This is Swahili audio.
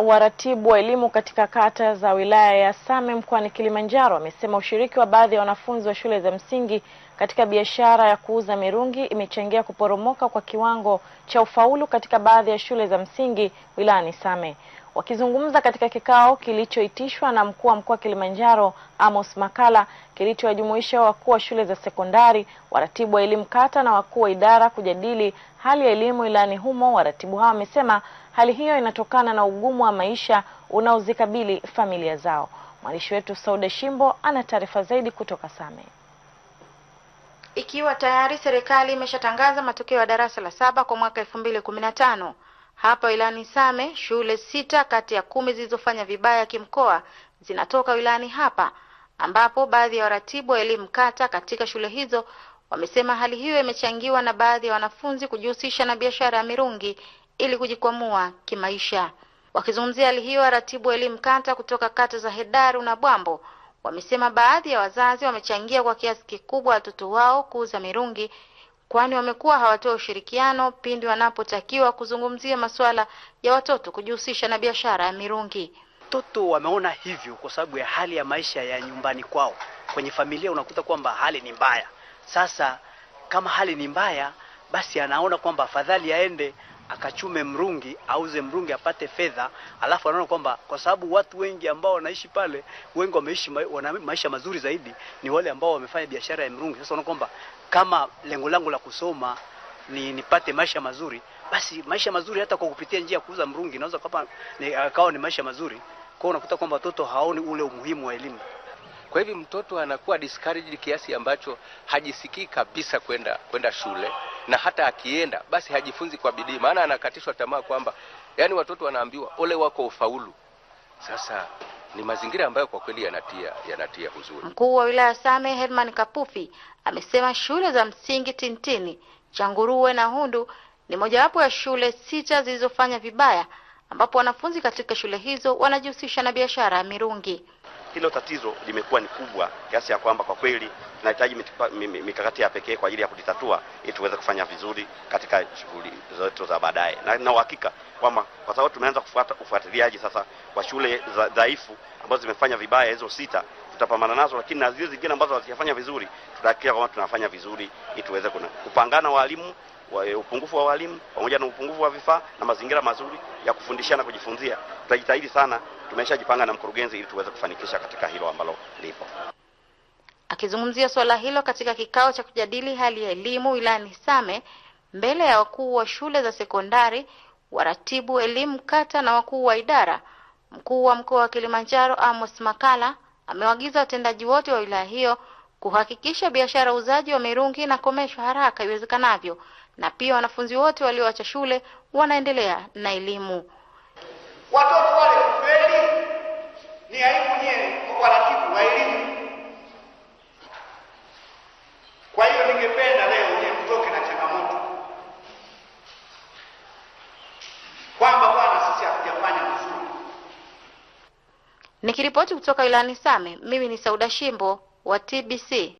waratibu wa elimu katika kata za wilaya ya Same mkoani Kilimanjaro amesema ushiriki wa baadhi ya wanafunzi wa shule za msingi katika biashara ya kuuza mirungi imechangia kuporomoka kwa kiwango cha ufaulu katika baadhi ya shule za msingi wilayani Same. Wakizungumza katika kikao kilichoitishwa na mkuu wa mkoa wa Kilimanjaro Amos makala kilichowajumuisha wakuu wa shule za sekondari, waratibu wa elimu kata na wakuu wa idara kujadili hali ya elimu wilayani humo, waratibu hao wamesema Hali hiyo inatokana na ugumu wa maisha unaozikabili familia zao. Mwandishi wetu Sauda Shimbo ana taarifa zaidi kutoka Same. Ikiwa tayari serikali imeshatangaza matokeo ya darasa la saba kwa mwaka elfu mbili kumi na tano hapa wilayani Same, shule sita kati ya kumi zilizofanya vibaya kimkoa zinatoka wilayani hapa, ambapo baadhi ya waratibu wa elimu kata katika shule hizo wamesema hali hiyo imechangiwa na baadhi ya wanafunzi kujihusisha na biashara ya mirungi ili kujikwamua kimaisha. Wakizungumzia hali hiyo, waratibu wa elimu kata kutoka kata za Hedaru na Bwambo wamesema baadhi ya wazazi wamechangia kwa kiasi kikubwa watoto wao kuuza mirungi, kwani wamekuwa hawatoa ushirikiano pindi wanapotakiwa kuzungumzia masuala ya watoto kujihusisha na biashara ya mirungi. Watoto wameona hivyo kwa sababu ya hali ya maisha ya nyumbani kwao, kwenye familia unakuta kwamba hali ni mbaya. Sasa kama hali ni mbaya, basi anaona kwamba afadhali aende akachume mrungi auze mrungi apate fedha, alafu anaona kwamba kwa sababu watu wengi ambao wanaishi pale wengi wameishi ma, wana maisha mazuri zaidi ni wale ambao wamefanya biashara ya mrungi. Sasa anaona kwamba kama lengo langu la kusoma ni nipate maisha mazuri, basi maisha mazuri hata kwa kupitia njia ya kuuza mrungi naweza akawa ni maisha mazuri kwao. Unakuta kwamba watoto haoni ule umuhimu wa elimu. Kwa hivyo mtoto anakuwa discouraged kiasi ambacho hajisikii kabisa kwenda kwenda shule, na hata akienda basi hajifunzi kwa bidii, maana anakatishwa tamaa kwamba yani watoto wanaambiwa ole wako ufaulu. Sasa ni mazingira ambayo kwa kweli yanatia yanatia huzuni. Mkuu wa wilaya Same Herman Kapufi amesema shule za msingi Tintini, Changuruwe na Hundu ni mojawapo ya shule sita zilizofanya vibaya, ambapo wanafunzi katika shule hizo wanajihusisha na biashara ya mirungi hilo tatizo limekuwa ni kubwa kiasi ya kwamba kwa kweli tunahitaji mikakati ya pekee kwa ajili ya kulitatua ili tuweze kufanya vizuri katika shughuli zetu za baadaye, na na uhakika kwamba kwa sababu tumeanza kufuata ufuatiliaji sasa kwa shule dhaifu ambazo zimefanya vibaya hizo sita tutapambana nazo, lakini na zile zingine ambazo hazijafanya vizuri tutahakikisha kwamba tunafanya vizuri ili tuweze kupangana walimu wa, eh, upungufu wa walimu pamoja na upungufu wa vifaa na mazingira mazuri ya kufundisha na kujifunzia. Tutajitahidi sana, tumeshajipanga na mkurugenzi ili tuweze kufanikisha katika hilo ambalo lipo. Akizungumzia suala hilo katika kikao cha kujadili hali ya elimu wilayani Same mbele ya wakuu wa shule za sekondari, waratibu elimu kata na wakuu wa idara, mkuu wa mkoa wa Kilimanjaro Amos Makala amewagiza watendaji wote wa wilaya hiyo kuhakikisha biashara uzaji wa mirungi komeshwa haraka iwezekanavyo, na pia wanafunzi wote walioacha shule wanaendelea na elimu. Watoto wale Nikiripoti kutoka wilayani Same, mimi ni Sauda Shimbo wa TBC.